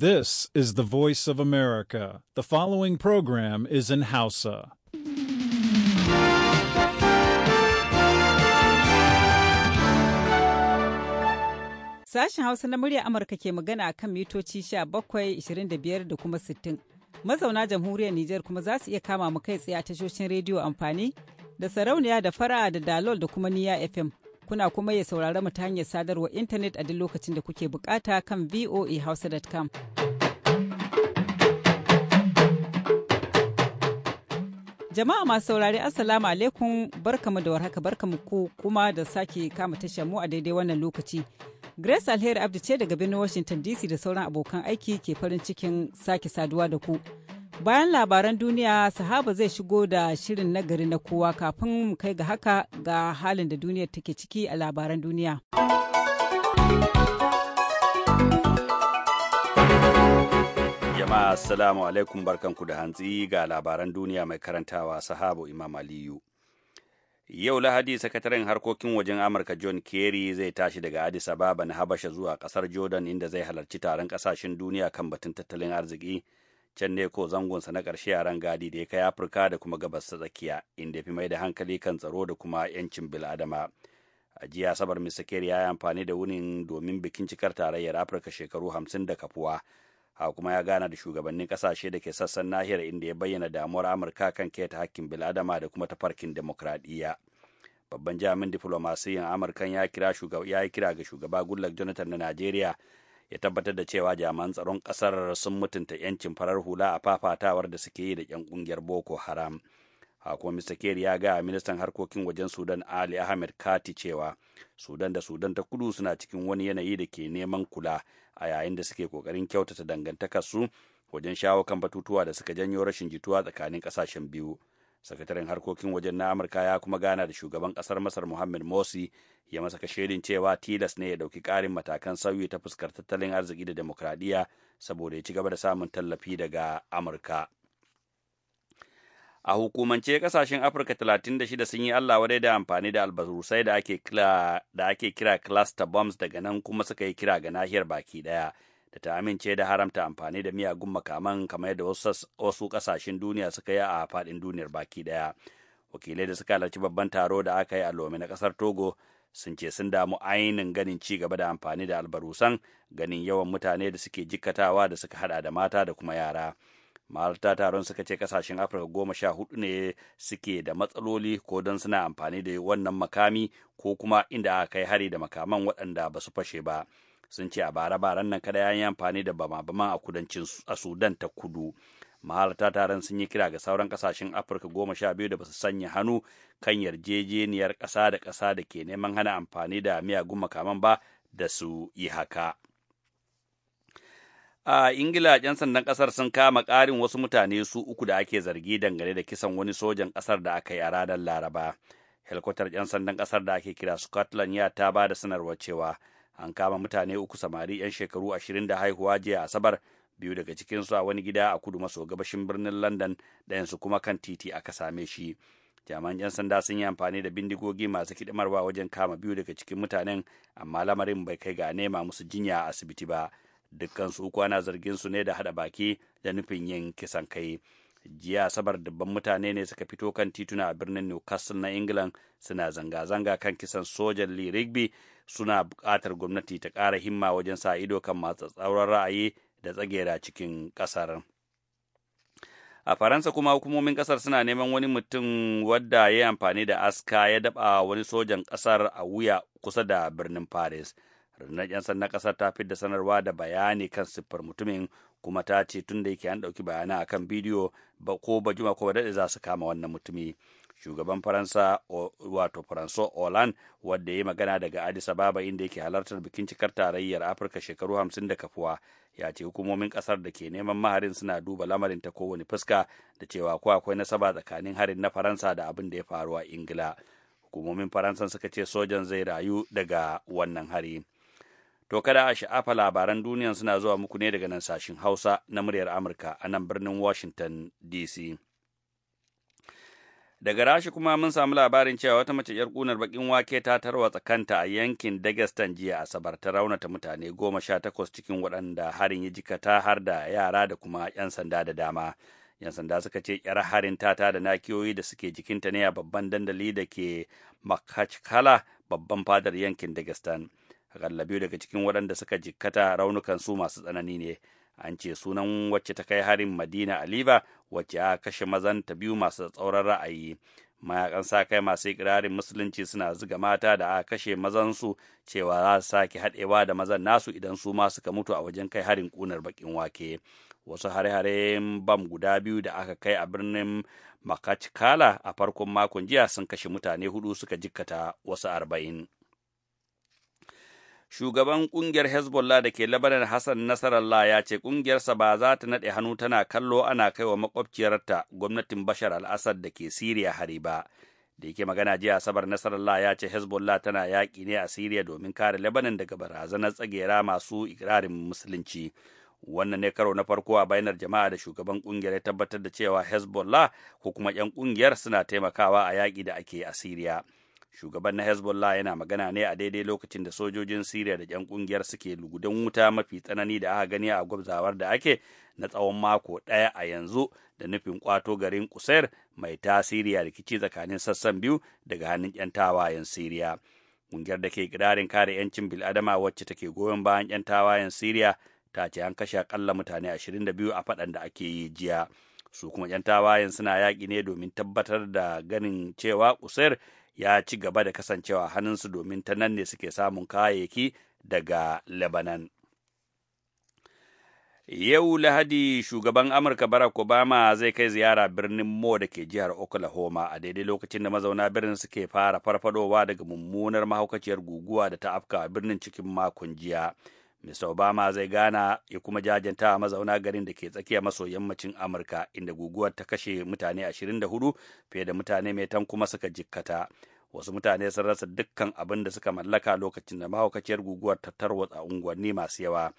This is the voice of America. The following program is in Hausa. Sashen Hausa na murya Amurka ke magana a kan mitoci 17, 25 da kuma 60. Mazauna jamhuriyar Nijar kuma za su iya kama mu kai tsaye a tashoshin rediyo amfani da sarauniya da fara da dalol da kuma niya FM. Kuna kuma ya saurara mu ta hanyar sadarwar intanet a duk lokacin da kuke bukata kan voahausa.com. Jama'a masu saurari Assalamu alaikum barkamu da warhaka barkamu ku kuma da sake kama tashar mu a daidai wannan lokaci. Grace Alheri Abdi ce daga birnin Washington DC da sauran abokan aiki ke farin cikin sake saduwa da ku. Bayan labaran duniya, sahaba zai shigo da shirin nagari na kowa kafin mu kai ga haka ga halin da duniyar take ciki a labaran duniya. Jama'a assalamu alaikum barkanku da hantsi ga labaran duniya mai karantawa Sahabo Imam Aliyu. Yau Lahadi sakataren harkokin wajen Amurka John Kerry zai tashi daga Addis Ababa na Habasha zuwa kasar Jordan inda zai halarci taron ƙasashen duniya kan batun tattalin arziki. can ne ko zangonsa na ƙarshe a gadi da ya kai afirka da kuma gabas ta tsakiya inda fi mai da hankali kan tsaro da kuma 'yancin bil'adama a jiya sabar mr kerry ya yi amfani da wunin domin bikin cikar tarayyar afirka shekaru hamsin da kafuwa a kuma ya gana da shugabannin kasashe da ke sassan nahiyar inda ya bayyana damuwar amurka kan keta hakkin bil'adama da kuma tafarkin demokradiyya babban jami'in diflomasiyyar amurkan ya kira kira ga shugaba goodluck jonathan na najeriya ya tabbatar da cewa jami'an tsaron ƙasar sun mutunta 'yancin farar hula a fafatawar da suke yi da 'yan ƙungiyar boko haram kuma mr kerry ya ga ministan harkokin wajen sudan ali ahmed kati cewa sudan da sudan ta kudu suna cikin wani yanayi da ke neman kula a yayin da suke kokarin kyautata dangantakarsu wajen shawo kan batutuwa da suka janyo rashin jituwa tsakanin ƙasashen biyu sakataren harkokin wajen na amurka ya kuma gana da shugaban kasar masar muhammad morsi ya masa kashedin cewa tilas ne ya dauki karin matakan sauyi ta fuskar tattalin arziki da demokradiyya saboda ya ci gaba da samun tallafi daga amurka a hukumance kasashen afirka 36 sun yi allah wadai da amfani da albarusai da ake kira cluster bombs daga nan kuma suka yi kira ga nahiyar baki daya da ta amince da haramta amfani da miyagun makaman kamar yadda wasu kasashen duniya suka yi a faɗin duniyar baki ɗaya wakilai da suka halarci babban taro da aka yi a lomi na ƙasar togo sun ce sun damu ainihin ganin ci gaba da amfani da albarusan ganin yawan mutane da suke jikkatawa da suka hada da mata da kuma yara mahalarta taron suka ce kasashen afirka goma sha hudu ne suke da matsaloli ko don suna amfani da wannan makami ko kuma inda aka kai hari da makaman waɗanda ba su fashe ba sun ce a bara-baran nan kada yi amfani da bama-bama a kudancin a sudan ta kudu mahalarta taron sun yi kira ga sauran kasashen afirka goma sha biyu da basu sanya hannu kan yarjejeniyar ƙasa da kasa da ke neman hana amfani da miyagun makaman ba da su yi haka a ingila 'yan sandan kasar sun kama ƙarin wasu mutane su uku da ake zargi dangane da kisan wani sojan ƙasar da aka yi a ranar laraba helikwatar 'yan sandan ƙasar da ake kira scotland ya ta ba da sanarwar cewa an kama mutane uku samari 'yan shekaru ashirin da haihuwa jiya asabar biyu daga cikinsu a wani gida a kudu maso gabashin birnin london ɗayansu kuma kan titi aka same shi jami'an 'yan sanda sun yi amfani da bindigogi masu kidimarwa wajen kama biyu daga cikin mutanen amma lamarin bai kai ga nema musu jinya a asibiti ba dukkansu uku ana zargin su ne da hada baki da nufin yin kisan kai jiya asabar dubban mutane ne suka fito kan tituna a birnin newcastle na england suna zanga-zanga kan kisan sojan lee rigby suna buƙatar gwamnati ta ƙara himma wajen sa ido kan masu tsauran ra'ayi da tsagera cikin ƙasar a faransa kuma hukumomin ƙasar suna neman wani mutum wadda ya yi amfani da aska ya daba wani sojan ƙasar a wuya kusa da birnin paris rundunar 'yan sandan ƙasar ta fi da sanarwa da bayani kan siffar mutumin kuma ta ce tun da yake an ɗauki bayana akan bidiyo ba ko ba juma ko ba daɗe za su kama wannan mutumi shugaban faransa wato faransa olan wadda ya yi magana daga addis ababa inda yake halartar bikin cikar tarayyar afirka shekaru hamsin da kafuwa ya ce hukumomin ƙasar da ke neman maharin suna duba lamarin ta kowane fuska da cewa ko akwai nasaba tsakanin harin na faransa da abin da ya faru a ingila hukumomin faransa suka ce sojan zai rayu daga wannan harin To kada a sha'afa labaran duniya suna zuwa muku ne daga nan sashin Hausa na muryar Amurka a nan birnin Washington DC. Daga rashi kuma mun samu labarin cewa wata mace ‘yar kunar bakin wake ta tarwa kanta a yankin Dagestan jiya Asabar ta raunata mutane goma sha takwas cikin waɗanda harin ya jikata har da yara da kuma ‘yan sanda da dama. ‘Yan sanda suka ce ‘yar harin ta da nakiyoyi da suke jikinta ne a babban dandali da ke Makachkala babban fadar yankin Dagestan. akalla daga cikin waɗanda suka jikkata raunukan su masu tsanani ne an ce sunan wacce ta kai harin madina aliva wacce a kashe mazan ta biyu masu tsauran ra'ayi mayakan sa kai masu ikirarin musulunci suna ziga mata da a kashe mazansu cewa za su sake haɗewa da mazan nasu idan su ma suka mutu a wajen kai harin ƙunar bakin wake wasu hare hare bam guda biyu da aka kai a birnin makachkala a farkon makon jiya sun kashe mutane hudu suka jikkata wasu arba'in. shugaban kungiyar hezbollah da ke labanan hassan nasarallah ya ce kungiyarsa ba za ta naɗe hannu tana kallo ana kai wa makwabciyarta gwamnatin bashar al-assad da ke siriya hari ba da yake magana jiya asabar nasarallah ya ce hezbollah tana yaƙi ne a siriya domin kare labanan daga barazanar tsagera masu ikirarin musulunci wannan ne karo na farko a bainar jama'a da shugaban kungiyar ya tabbatar da cewa hezbollah ko kuma 'yan kungiyar suna taimakawa a yaƙi da ake a siriya shugaban na hezbollah yana magana ne a daidai lokacin da sojojin siriya da yan kungiyar suke lugudan wuta mafi tsanani da aka gani a gwabzawar da ake na tsawon mako ɗaya a yanzu da nufin kwato garin kusair mai a rikici tsakanin sassan biyu daga hannun yan tawayen siriya kungiyar da ke kirarin kare yancin bil'adama wacce take goyon bayan yan tawayen siriya ta ce an kashe akalla mutane 22 a faɗan da ake yi jiya su kuma yan tawayen suna yaƙi ne domin tabbatar da ganin cewa kusair ya ci gaba da kasancewa hannunsu domin ta nan ne suke samun kayayyaki daga lebanon yau lahadi shugaban amurka barack obama zai kai ziyara birnin mo da ke jihar oklahoma a daidai lokacin da mazauna birnin suke fara farfadowa daga mummunar mahaukaciyar guguwa da ta afka birnin cikin makon jiya. Mr. Obama zai gana ya kuma jajanta mazauna garin da ke tsakiya maso yammacin Amurka inda guguwar ta kashe mutane 24 fiye da mutane mai tan kuma suka jikkata. Wasu mutane sun rasa dukkan abin da suka mallaka lokacin da mahaukaciyar guguwar ta tarwatsa unguwanni masu yawa.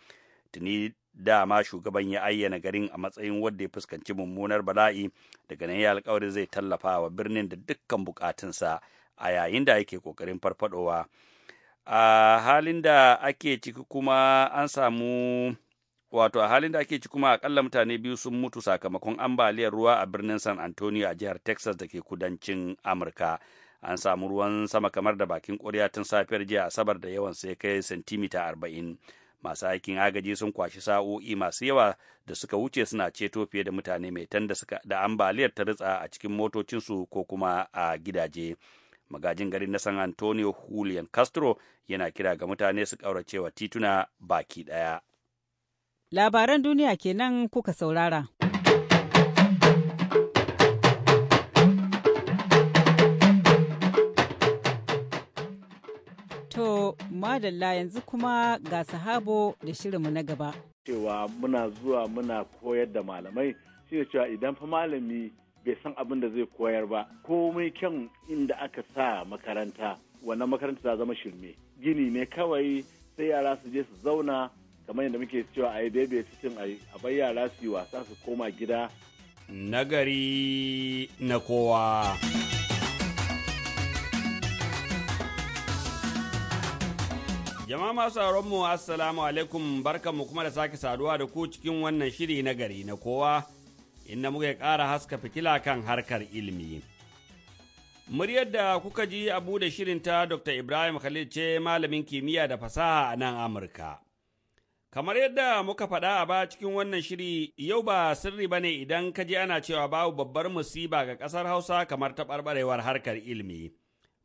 Tuni dama shugaban ya ayyana garin a matsayin wanda ya fuskanci mummunar bala'i daga nan ya alkawarin zai tallafa wa birnin da dukkan bukatunsa a yayin da yake kokarin farfadowa. a halin da ake ciki kuma an samu wato a halin da ake ciki kuma akalla mutane biyu sun mutu sakamakon ambaliyar ruwa a birnin san antonio a jihar texas da ke kudancin amurka an samu ruwan sama kamar da bakin ƙuriya tun safiyar jiya asabar da yawan sai kai sentimita arba'in masu aikin agaji sun kwashi sa'o'i masu yawa da suka wuce suna ceto fiye da mutane mai tan da ambaliyar ta ritsa a cikin motocinsu ko kuma a gidaje. magajin garin na san antonio julian castro yana kira ga mutane su kauracewa tituna baki daya. labaran duniya kenan kuka saurara To, madalla yanzu kuma ga sahabo da shirinmu na gaba. Cewa muna zuwa muna koyar da malamai, shi cewa idan fa malami bai san abin da zai koyar ba komai kyan inda aka sa makaranta wannan makaranta ta zama shirme gini ne kawai sai yara su je su zauna kamar yadda muke cewa a yi daidai cin a bai yara su yi wasa su koma gida nagari na kowa Jama'a masu sauranmu Assalamu alaikum barkanmu kuma da sake saduwa da ku cikin wannan shiri nagari na kowa inda muka ƙara haska fitila kan harkar ilimi. Muryar da kuka ji abu da shirinta Dr. Ibrahim Khalil ce malamin kimiyya da fasaha a nan Amurka. Kamar yadda muka faɗa a ba cikin wannan shiri, yau ba sirri ba ne idan ka ji ana cewa babu babbar musiba ga ƙasar Hausa kamar taɓarɓarewar harkar ilimi.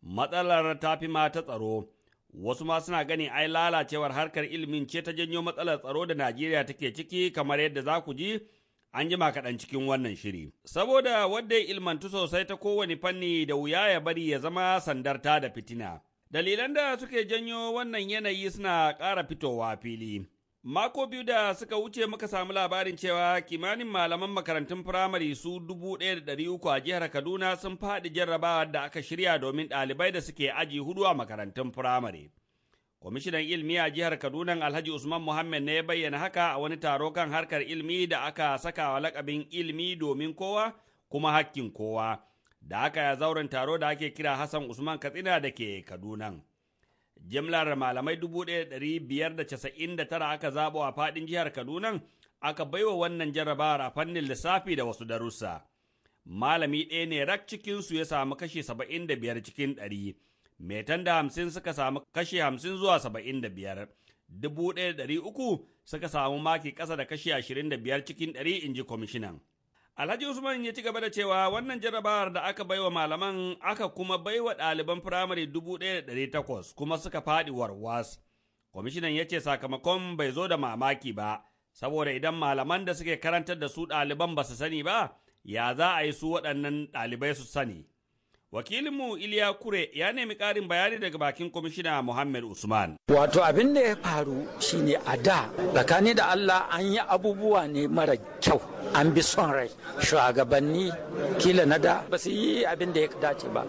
Matsalar fi ma ta tsaro, wasu ma suna gani ai lalacewar harkar ilimin ce ta janyo matsalar tsaro da Najeriya take ciki kamar yadda za ku ji an jima kaɗan cikin wannan shiri. Saboda wadda ya ilmantu sosai ta kowane fanni da wuya ya bari ya zama sandarta da fitina. Dalilan da suke janyo wannan yanayi suna ƙara fitowa fili. Mako biyu da suka wuce muka samu labarin cewa kimanin malaman makarantun firamare su dubu ɗaya da ɗari uku a jihar Kaduna sun faɗi jarrabawar da aka shirya domin ɗalibai da suke aji hudu a makarantun firamare. Kwamishinan ilmi a jihar Kaduna Alhaji Usman Muhammad ne ya bayyana haka a wani taro kan harkar ilmi da aka saka wa lakabin ilmi domin kowa kuma hakkin kowa. Da aka ya zauren taro da ake kira Hassan Usman Katsina da ke Kaduna. Jimlar malamai 1,599 aka zaɓo a faɗin jihar Kaduna aka baiwa wannan jarrabawar a fannin lissafi da wasu darussa. Malami ɗaya ne rak cikinsu ya samu kashi 75 cikin ɗari. mai da hamsin suka samu kashi hamsin zuwa saba'in da biyar. Dubu ɗaya ɗari uku suka samu maki ƙasa da kashi ashirin da biyar cikin ɗari in ji kwamishinan. Alhaji Usman ya ci gaba da cewa wannan jarrabawar da aka baiwa malaman aka kuma baiwa ɗaliban firamare dubu ɗaya da ɗari takwas kuma suka faɗi warwas. Kwamishinan ya ce sakamakon bai zo da mamaki ba, saboda idan malaman da suke karantar da su ɗaliban ba su sani ba, ya za a yi su waɗannan ɗalibai su sani. Wakilinmu Iliya Kure ya nemi ƙarin bayani daga bakin kwamishina Muhammad Usman. Wato abin da ya faru shine a da tsakani da Allah an yi abubuwa ne mara kyau an bi son rai shugabanni kila na da ba su yi abin da ya dace ba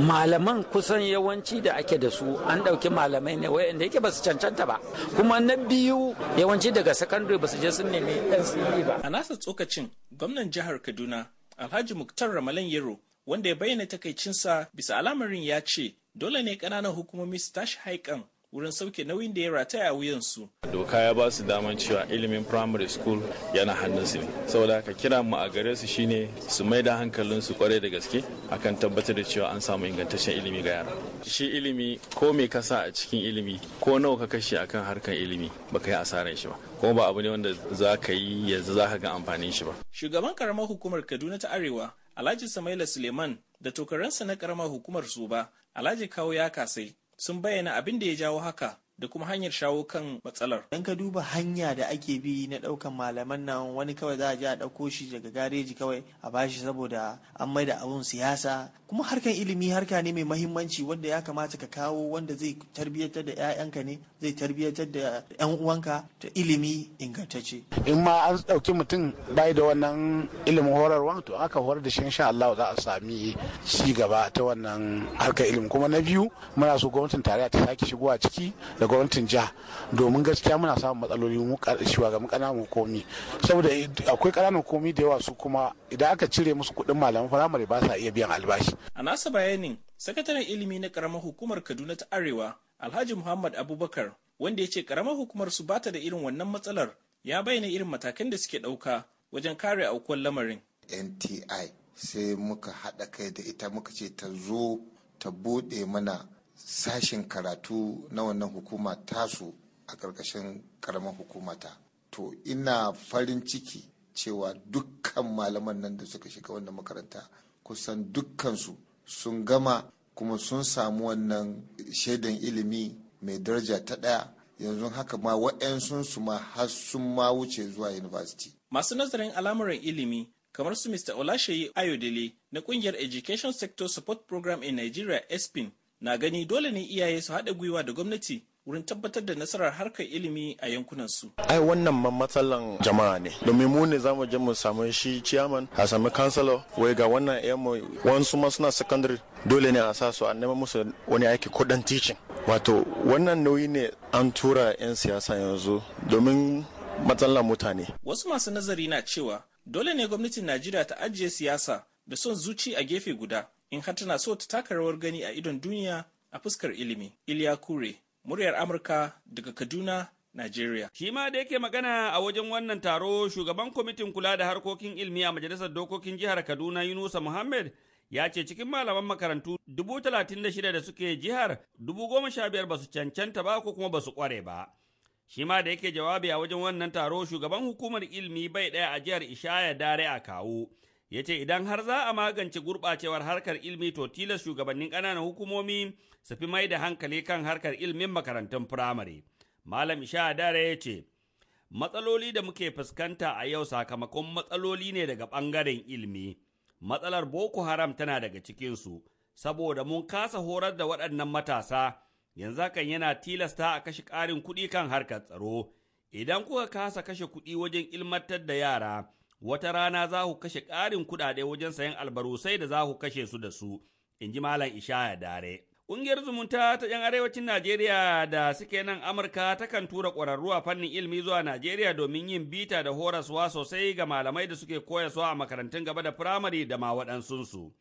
malaman kusan yawanci da ake da su an ɗauki malamai ne wayanda yake ba su cancanta ba kuma na biyu yawanci daga sakandare ba su je sun nemi ɗan e ba. A nasa tsokacin gwamnan jihar Kaduna Alhaji Muktar Ramalan Yero wanda ya bayyana takaicinsa bisa alamarin ya ce dole ne kananan hukumomi su tashi haikan wurin sauke nauyin da ya rataya a wuyansu. Doka ya ba su daman cewa ilimin primary school yana hannunsu ne. Saboda haka kira mu a gare su shine su mai da su kwarai da gaske akan tabbatar da cewa an samu ingantaccen ilimi ga yara. Shi ilimi ko me ka sa a cikin ilimi ko nawa ka kashe akan harkan ilimi baka yi asaran shi ba. Kuma ba abu ne wanda za ka yi yanzu za ka ga amfanin shi ba. Shugaban karamar hukumar Kaduna ta Arewa Alhaji Samaila Suleiman da tokaransa na karamar hukumar Suba, Alhaji Kawo ya kasai sun bayyana abin da ya jawo haka da kuma hanyar shawo kan matsalar. Dan ka duba hanya da ake bi na ɗaukan malaman nan wani kawai za a je a ɗauko shi daga gareji kawai a bashi saboda an mai da abun siyasa kuma harkan ilimi harka ne mai mahimmanci wanda ya kamata ka kawo wanda zai tarbiyyatar da 'ya'yanka ne zai tarbiyyatar da 'yan uwanka ta ilimi ingantacce. In ma an ɗauki mutum bai da wannan ilimin horarwa to aka horar da shi insha Allah za a sami ci gaba ta wannan harkar ilimi kuma na biyu muna so gwamnatin tarayya ta sake shigowa ciki da gwamnatin jiha domin gaskiya muna samun matsaloli mu shugaban kananan komi saboda akwai kananan komi da yawa su kuma idan aka cire musu kuɗin malaman firamare ba sa iya biyan albashi. A nasa bayanin sakataren ilimi na ƙaramar hukumar Kaduna ta Arewa Alhaji Muhammad Abubakar wanda ya ce ƙaramar hukumar su bata da irin wannan matsalar ya bayyana irin matakan da suke ɗauka wajen kare aukuwar lamarin. NTI sai muka haɗa kai da ita muka ce ta zo ta buɗe mana sashen karatu na wannan hukuma tasu a ƙarƙashin ƙaramin hukumata to ina farin ciki cewa dukkan malaman nan da suka shiga wannan makaranta kusan dukkansu sun gama kuma sun samu wannan shaidan ilimi mai daraja ta ɗaya yanzu haka ma waɗansu ma har sun ma wuce zuwa university. Masu nazarin al'amuran ilimi kamar su Mr. olashe Ayodele na kungiyar Education Sector Support Program in Nigeria ESPIN na gani dole ne iyaye su haɗa gwiwa da gwamnati wurin tabbatar da nasarar harkar ilimi a yankunan su. Ai wannan matsalan jama'a ne. Domin mu ne zamu je mu samu shi ciyaman, a sami councilor, wai ga wannan ƴan mu wasu ma suna secondary dole ne a sa su a nema musu wani aiki kuɗin teaching. Wato wannan nauyi ne an tura 'yan siyasa yanzu domin matsalan mutane. Wasu masu nazari na cewa dole ne gwamnatin Najeriya ta ajiye siyasa da son zuci a gefe guda in har tana so ta taka rawar gani a idon duniya a fuskar ilimi. Iliya Kure, muryar Amurka daga Kaduna, Najeriya. Shi ma da yake magana a wajen wannan taro shugaban kwamitin kula da harkokin ilimi a Majalisar Dokokin Jihar Kaduna Yunusa Muhammad ya ce cikin malaman makarantu dubu talatin da shida da suke jihar dubu goma sha biyar ba su cancanta ba ko kuma ba su kware ba. Shi ma da yake jawabi a wajen wannan taro shugaban hukumar ilimi bai ɗaya a jihar Ishaya Dare a kawo. ya ce idan har za a magance gurɓacewar harkar ilmi to tilas shugabannin ƙananan hukumomi su fi mai da hankali kan harkar ilmin makarantun firamare. Malam Isha Adara ya ce, Matsaloli da muke fuskanta a yau sakamakon matsaloli ne daga ɓangaren ilmi. Matsalar Boko Haram tana daga cikinsu, saboda mun kasa horar da waɗannan matasa, yanzu hakan yana tilasta a kashe ƙarin kuɗi kan harkar tsaro. Idan kuka kasa kashe kuɗi wajen ilmantar da yara, wata rana za ku kashe ƙarin kuɗaɗe wajen sayan albarusai da za ku kashe su da su, in ji Malam Ishaya Dare. Ƙungiyar zumunta ta 'yan arewacin Najeriya da suke nan Amurka takan tura ƙwararru a fannin ilimi zuwa Najeriya domin yin bita da horaswa sosai ga malamai da suke koyaswa a makarantun gaba da firamare da ma waɗansunsu.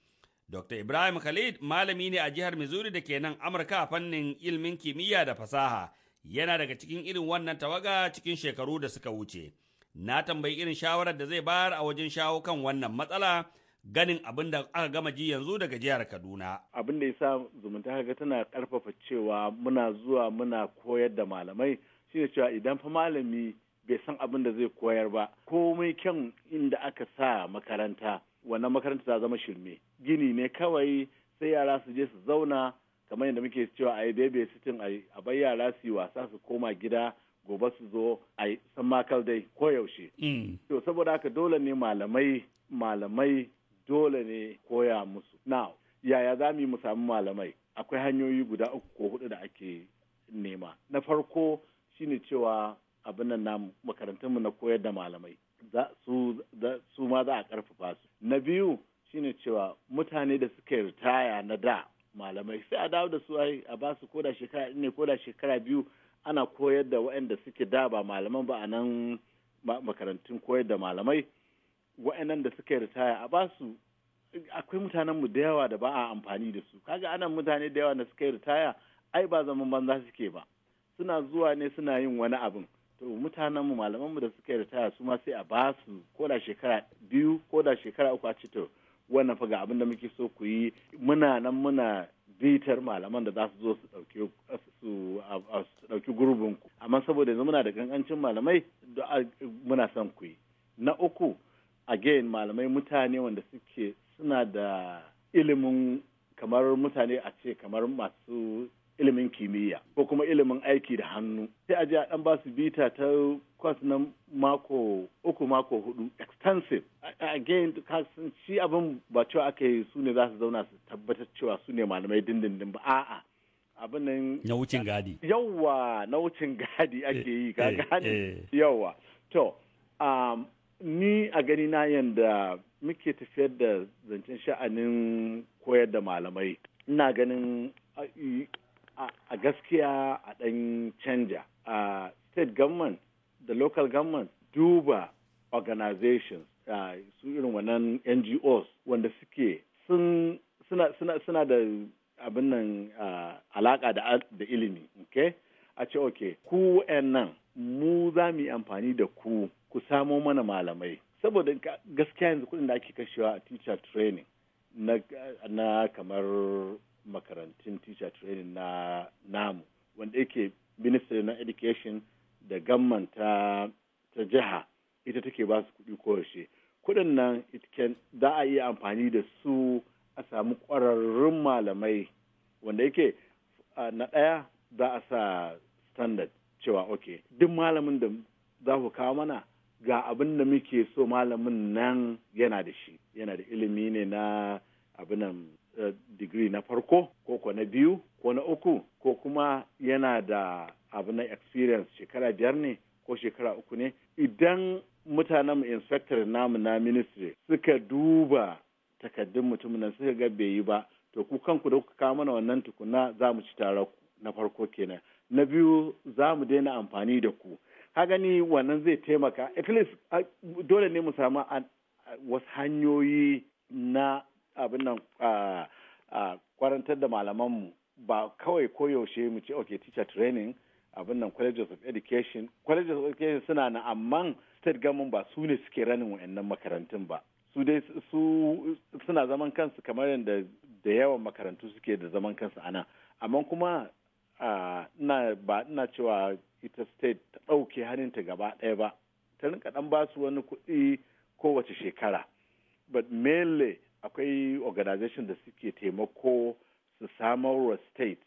Dr. Ibrahim Khalid malami ne a jihar Missouri da ke nan Amurka a fannin ilimin kimiyya da fasaha, yana daga cikin irin wannan tawaga cikin shekaru da suka wuce. na tambayi irin shawarar da zai bayar a wajen shawo kan wannan matsala ganin abin da aka gama ji yanzu daga jihar Kaduna. Abin da yasa zumunta kaga tana karfafa cewa muna zuwa muna koyar da malamai shine cewa idan fa malami bai san abin da zai koyar ba komai kyan inda aka sa makaranta wannan makaranta ta zama shirme gini ne kawai sai yara su je su zauna kamar yadda muke cewa a yi bebe sitin a bar yara su yi wasa su koma gida gobe su zo a yi makal dai koyaushe. Mm. To saboda haka dole ne malamai malamai dole ne koya musu. Now, yaya za mu samu malamai? Akwai hanyoyi guda uku ko hudu da ake nema. Na farko shine cewa abin nan na makarantunmu na koyar da malamai. Su ma za a karfafa su. Na biyu shine cewa mutane da suka ritaya na da malamai sai a dawo da su a ba su koda shekara ne koda shekara biyu ana koyar da waɗanda suke da ba malaman ba a nan makarantun koyar da malamai waɗannan da suka ritaya a basu akwai mutanen mu da yawa da ba a amfani da su kaga anan mutane da yawa da suka ritaya ai ba zaman banza suke ba suna zuwa ne suna yin wani abin to mutanen mu malaman mu da suka ritaya su ma sai a basu ko da shekara biyu ko da shekara uku a ce to wannan fa ga abin da muke so ku yi muna nan muna bitar malaman da za su zo su ɗauki gurbin ku amma saboda yanzu muna da kankancin malamai muna son ku yi na uku again malamai mutane wanda suke suna da ilimin kamar mutane a ce kamar masu ilimin kimiyya ko kuma ilimin aiki da hannu sai a a dan basu bita ta kwas na mako uku mako hudu extensive again kasan shi abin ba cewa aka yi su ne za su zauna su tabbatar cewa su ne malamai dindindin ba a'a abin nan na wucin gadi yawa na wucin gadi ake yi ka eh, eh, gani eh. yawa to um, ni a gani na yanda muke tafiyar da zancen sha'anin koyar da malamai ina ganin a gaskiya a ɗan canja a state government da local government duba organizations su irin wannan ngos wanda suke suna da abin nan alaka da ilimi okay? a ce ok ku nan mu za mu yi amfani da ku ku samo mana malamai saboda gaskiya yanzu kudin da ake kashewa a teacher training na kamar makarantun teacher training na namu wanda yake minister na education da gamman ta, jiha ita take ba su kuɗi koyaushe kuɗin nan za a iya amfani da su a samu ƙwararrun malamai wanda yake na ɗaya za a sa standard cewa ok duk malamin da za ku kawo mana ga abin da muke so malamin nan yana da shi yana da ilimi ne na abinan Eh, digiri na farko ko ko na biyu ko na uku ko kuma yana da abu na experience shekara biyar ne ko shekara uku ne idan mutanen inspector namu na ministry suka duba takaddun mutum nan suka ga bai yi ba to ku kanku da kuka kawo mana wannan tukuna za mu ci tare na farko kenan na biyu za mu daina amfani da ku ka gani wannan zai taimaka at least dole ne mu samu wasu hanyoyi na abin nan kwarantar da malamanmu ba kawai koyaushe mu ce okay teacher training abin nan colleges of education colleges of education suna na amma state government ba su ne suke ranin wa'annan makarantun ba su dai su suna zaman kansu kamar yadda da yawan makarantu suke da zaman kansu ana amma kuma ina ba ina cewa ita state ta ɗauke hannunta gaba ɗaya ba ta rinka ɗan ba su wani kuɗi kowace shekara but mainly akwai organization da suke taimako su samarwa state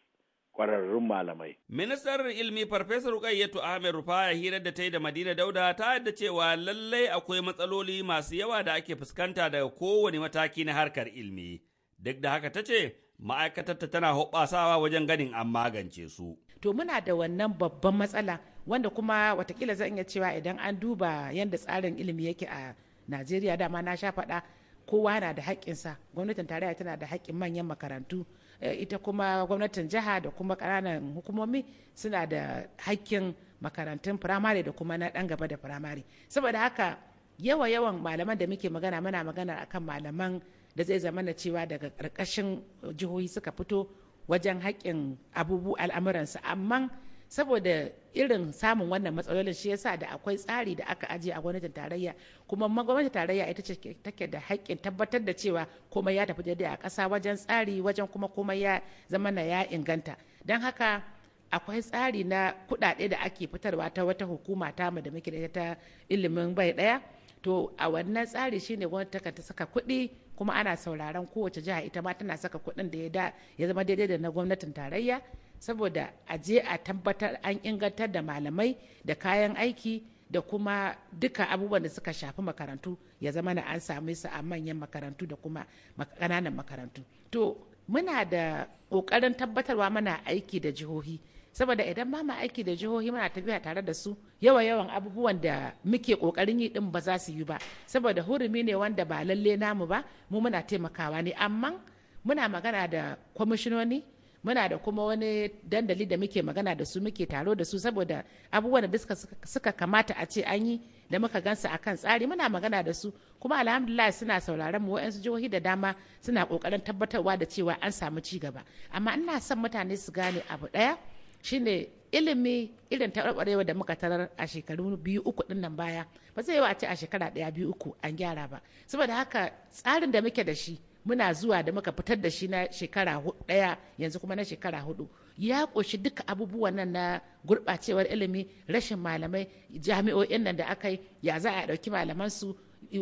kwararrun malamai. Ministar ilmi Farfesa Rukayyatu Ahmed ya hirar da ta yi da Madina Dauda ta yadda cewa lallai akwai matsaloli masu yawa da ake fuskanta daga kowane mataki na harkar ilmi. Duk da haka ta ce ma'aikatarta tana hoɓasawa wajen ganin an magance su. To muna da wannan babban matsala wanda kuma watakila zan iya cewa idan an duba yadda tsarin ilimi yake a Najeriya dama na sha faɗa kowa na da haƙƙinsa gwamnatin tarayya tana da haƙƙin manyan makarantu eh, ita kuma gwamnatin jiha da kuma ƙananan hukumomi suna da haƙƙin makarantun firamare da kuma na ɗan gaba da firamare saboda haka yawa yawan malaman da muke magana muna magana akan malaman da zai zama na cewa daga ƙarƙashin jihohi suka fito wajen haƙƙin abubu al'amuransu amma saboda irin samun wannan matsalolin shi yasa da akwai tsari da aka ajiye a gwamnatin tarayya kuma gwamnatin tarayya ita ce take da haƙƙin tabbatar da cewa komai ya tafi daidai a ƙasa wajen tsari wajen kuma komai ya zama na ya inganta don haka akwai tsari na kuɗaɗe da ake fitarwa ta wata hukuma ta mu da muke da ta ilimin bai ɗaya to a wannan tsari shine gwamnati ta saka kuɗi kuma ana sauraron kowace jiha ita ma tana saka kuɗin da ya zama daidai da na gwamnatin tarayya saboda a je a tabbatar an ingantar da malamai da kayan aiki da kuma duka abubuwan da suka shafi makarantu ya zama na an same su a manyan makarantu da kuma ƙananan makarantu to muna da ƙoƙarin tabbatarwa mana aiki da jihohi saboda idan ba mu aiki da jihohi muna tafiya tare da su yawa yawan abubuwan da muke kokarin yi din ba za su yi ba saboda hurumi ne wanda ba lalle namu ba mu muna taimakawa ne amma muna magana da kwamishinoni muna da kuma wani dandali da muke magana da su muke taro da su saboda abubuwan da suka kamata a ce an yi da muka gansa a kan tsari muna magana da su kuma alhamdulillah suna sauraron mu wa'yansu jihohi da dama suna kokarin tabbatarwa da cewa an samu ci gaba amma ina son mutane su gane abu ɗaya shine ilimi irin taɓarɓarewa da muka tarar a shekaru biyu uku ɗin nan baya ba zai yi a ce a shekara ɗaya biyu uku an gyara ba saboda haka tsarin da muke da shi muna zuwa da muka fitar da shi na shekara daya yanzu kuma na shekara hudu ya ƙoshi duka abubuwan nan na gurɓacewar ilimi rashin malamai jami'o'in nan da aka yi ya za a ɗauki malamansu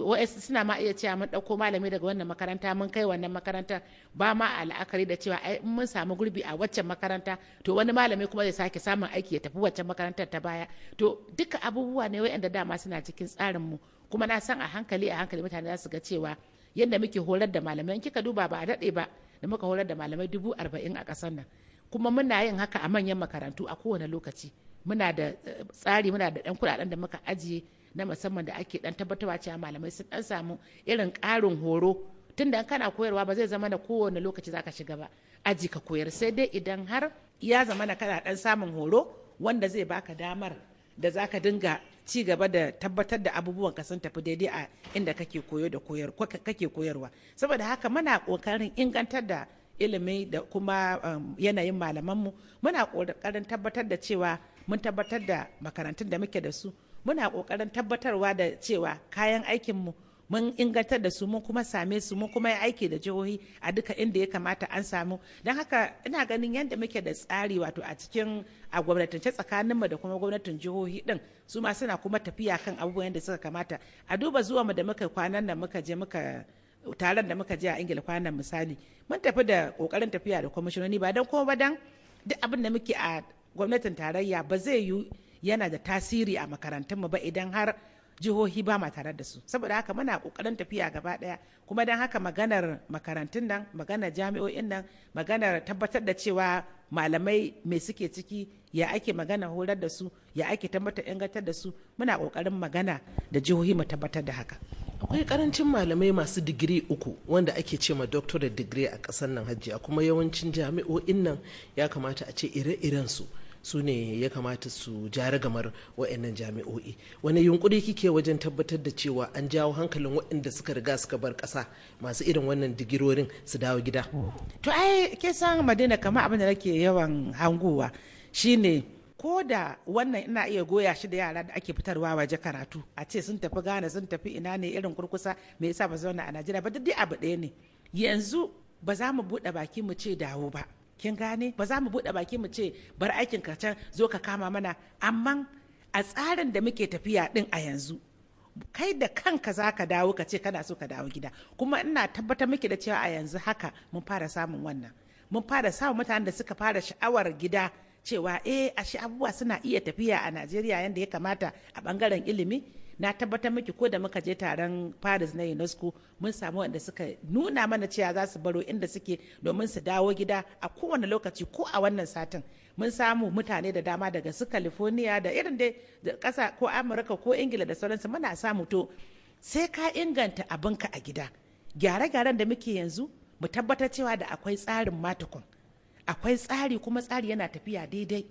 wasu suna ma iya cewa mun ɗauko malami daga wannan makaranta mun kai wannan makaranta ba ma a la'akari da cewa ai mun samu gurbi a waccan makaranta to wani malami kuma zai sake samun aiki ya tafi waccan makarantar ta baya to duka abubuwa ne wa'anda dama suna cikin tsarin mu kuma na san a hankali a hankali mutane za su ga cewa yadda muke horar da malamai kika duba ba a daɗe ba da muka horar da malamai dubu arba'in a ƙasar nan kuma muna yin haka a manyan makarantu a kowane lokaci muna da eh, tsari muna da ɗan kuɗaɗen da muka ajiye na musamman da ake ɗan tabbatarwa cewa malamai sun ɗan samu irin ƙarin horo tunda kana koyarwa ba zai zama na kowane lokaci zaka shiga ba aji ka koyar sai dai idan har ya zama na kana ɗan samun horo wanda zai baka damar da zaka dinga ci gaba da tabbatar da abubuwan ka sun tafi daidai a inda kake koyo da koyar kake koyarwa saboda haka muna kokarin ingantar da ilimi da kuma um, yanayin malamanmu muna kokarin tabbatar da cewa mun tabbatar da makarantun da muke da su muna kokarin tabbatarwa da cewa kayan aikin mu mun ingantar da su mun kuma same su mun kuma ya aiki da jihohi a duka inda ya kamata an samu don haka ina ganin yadda muke da tsari wato a cikin a gwamnatance tsakaninmu da kuma gwamnatin jihohi din su ma suna kuma tafiya kan abubuwan da suka kamata a duba zuwa mu da muka kwanan nan muka je muka taron da muka je a ingila kwanan misali mun tafi da kokarin tafiya da kwamishinoni ba don kuma ba don duk abin da muke a gwamnatin tarayya ba zai yi yana da tasiri a makarantunmu ba idan har jihohi ba ma tare da su saboda haka muna kokarin tafiya gaba daya kuma don haka maganar makarantun nan maganar jami'o'in nan maganar tabbatar da cewa malamai mai suke ciki ya ake magana horar da su ya ake tabbatar ingantar da su muna kokarin magana da jihohi mu tabbatar da haka akwai karancin malamai masu digiri uku wanda ake ce ma doctorate degree a kasar nan hajjiya kuma yawancin jami'o'in nan ya kamata a ce ire-iren su su ne ya kamata su ja gamar wa'annan jami'o'i wani yunkuri kike wajen tabbatar da cewa an jawo hankalin waanda suka riga suka bar kasa masu irin wannan digirorin su dawo gida to ai ke san madina kamar abin da nake yawan hanguwa shine ko da wannan ina iya goya shi da yara da ake fitarwa waje karatu a ce sun tafi Ghana sun tafi ina ne irin kurkusa me yasa ba zauna a Najeriya ba duk dai abu ɗaya ne yanzu ba za mu buɗe baki mu ce dawo ba kin gane ba za mu buɗe baki mu ce bar aikin ka can zo ka kama mana amma a tsarin da muke tafiya din a yanzu kai da kanka za ka dawo ka ce kana so ka dawo gida kuma ina tabbatar muke da cewa a yanzu haka mun fara samun wannan mun fara samun mutanen da suka fara sha'awar gida cewa eh ashe abubuwa suna iya tafiya a Najeriya yadda ya kamata a bangaren ilimi na tabbatar miki ko da muka je taron paris na unesco mun samu wanda suka nuna mana cewa za su baro inda suke domin su dawo gida a kowane lokaci ko a wannan satin mun samu mutane da dama daga su california da irin dai kasa ko amurka ko ingila da sauransu muna samu to sai ka inganta abinka a gida gyare-gyaren da muke yanzu mu tabbatar cewa da akwai tsarin matukun akwai tsari kuma tsari yana tafiya daidai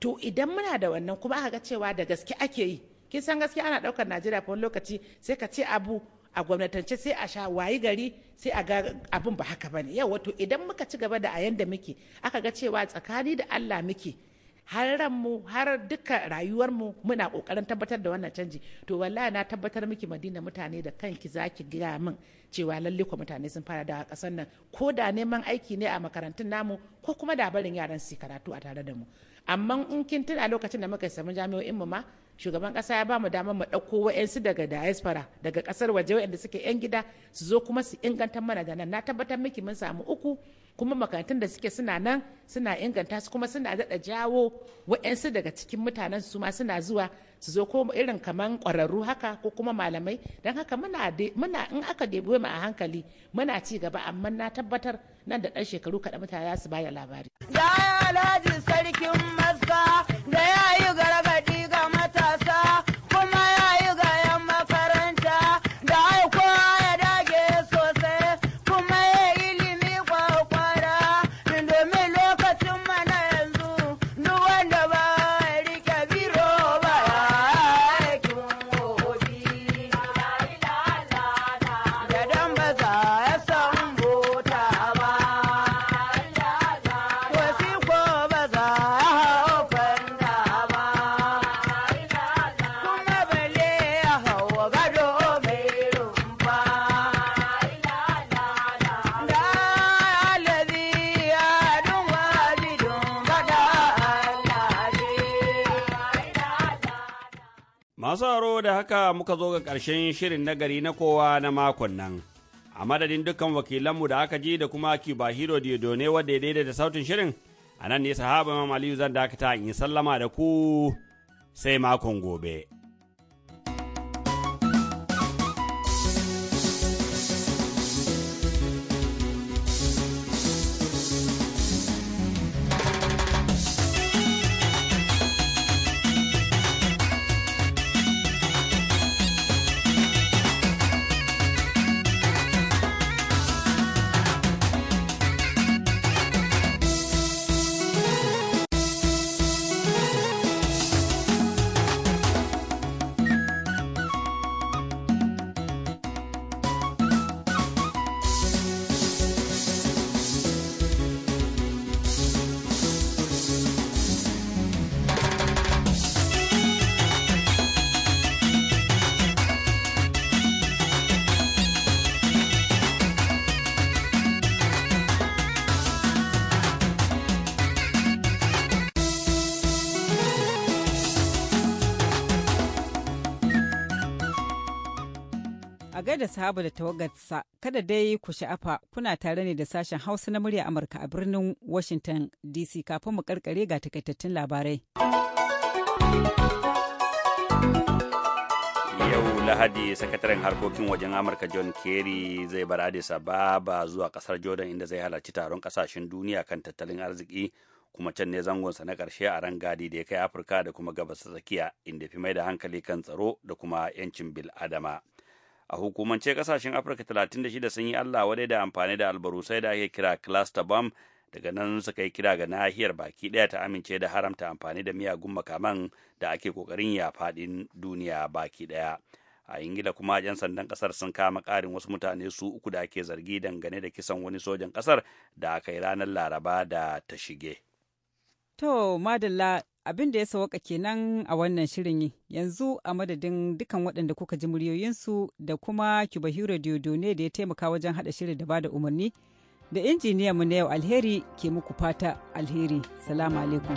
to idan muna da wannan kuma aka ga cewa da gaske ake yi kin san gaskiya ana daukar najeriya fa lokaci sai ka ce abu a gwamnatance sai a sha wayi gari sai a ga abin ba haka bane yau wato idan muka ci gaba da a yanda muke aka ga cewa tsakani da allah muke har ranmu har duka rayuwarmu muna kokarin tabbatar da wannan canji to wallahi na tabbatar miki madina mutane da kanki zaki gaya min cewa lalle ko mutane sun fara daga kasar nan ko da neman aiki ne a makarantun namu ko kuma da barin yaran su karatu a tare da mu amma in kin tuna lokacin da muka samu jami'o'in mu ma shugaban kasa ya ba mu damar mu ɗauko wa'yansu daga diaspora daga kasar waje wa'yanda suke 'yan gida su zo kuma su inganta mana da nan na tabbatar miki mun samu uku kuma makarantun da suke suna nan suna inganta su kuma suna daɗa jawo wa'yansu daga cikin mutanen su ma suna zuwa su zo ko irin kaman ƙwararru haka ko kuma malamai don haka muna muna in aka debo mu a hankali muna ci gaba amma na tabbatar nan da ɗan shekaru kaɗan mutane za su baya labari. Ya Alhaji sarkin maska Masu haro da haka muka zo ga ƙarshen shirin nagari na kowa na makon nan. A madadin dukkan wakilanmu da aka ji da kuma ba Hero ne wadda ya da sautin shirin, a nan ne sahaba Imam Aliyu zan dakata in yi sallama da ku sai makon gobe. da sahaba da tawagarsa kada dai ku sha'afa kuna tare ne da sashen hausa na murya amurka a birnin washington dc kafin mu karkare ga takaitattun labarai yau lahadi sakataren harkokin wajen amurka john kerry zai bar addis ababa zuwa kasar jordan inda zai halarci taron kasashen duniya kan tattalin arziki kuma can ne zangonsa na karshe a ran gadi da ya kai afirka da kuma gabas tsakiya inda fi mai da hankali kan tsaro da kuma 'yancin bil'adama. adama a hukumance kasashen afirka 36 sun yi allah wadai da amfani da albarusai da ake kira cluster bomb daga nan suka yi kira ga nahiyar baki ɗaya ta amince da haramta amfani da miyagun makaman da ake kokarin ya faɗin duniya baki ɗaya a ingila kuma yan sandan kasar sun kama karin wasu mutane su uku da ake zargi dangane da kisan wani sojan kasar da aka yi ranar laraba da ta shige to madalla abin da ya sauka kenan a wannan shirin yanzu a madadin dukan waɗanda kuka ji muryoyinsu da kuma kibahiro diodone da ya taimaka wajen haɗa shirin da bada umarni da injiniyan mu na yau alheri ke muku fata alheri salamu alaikum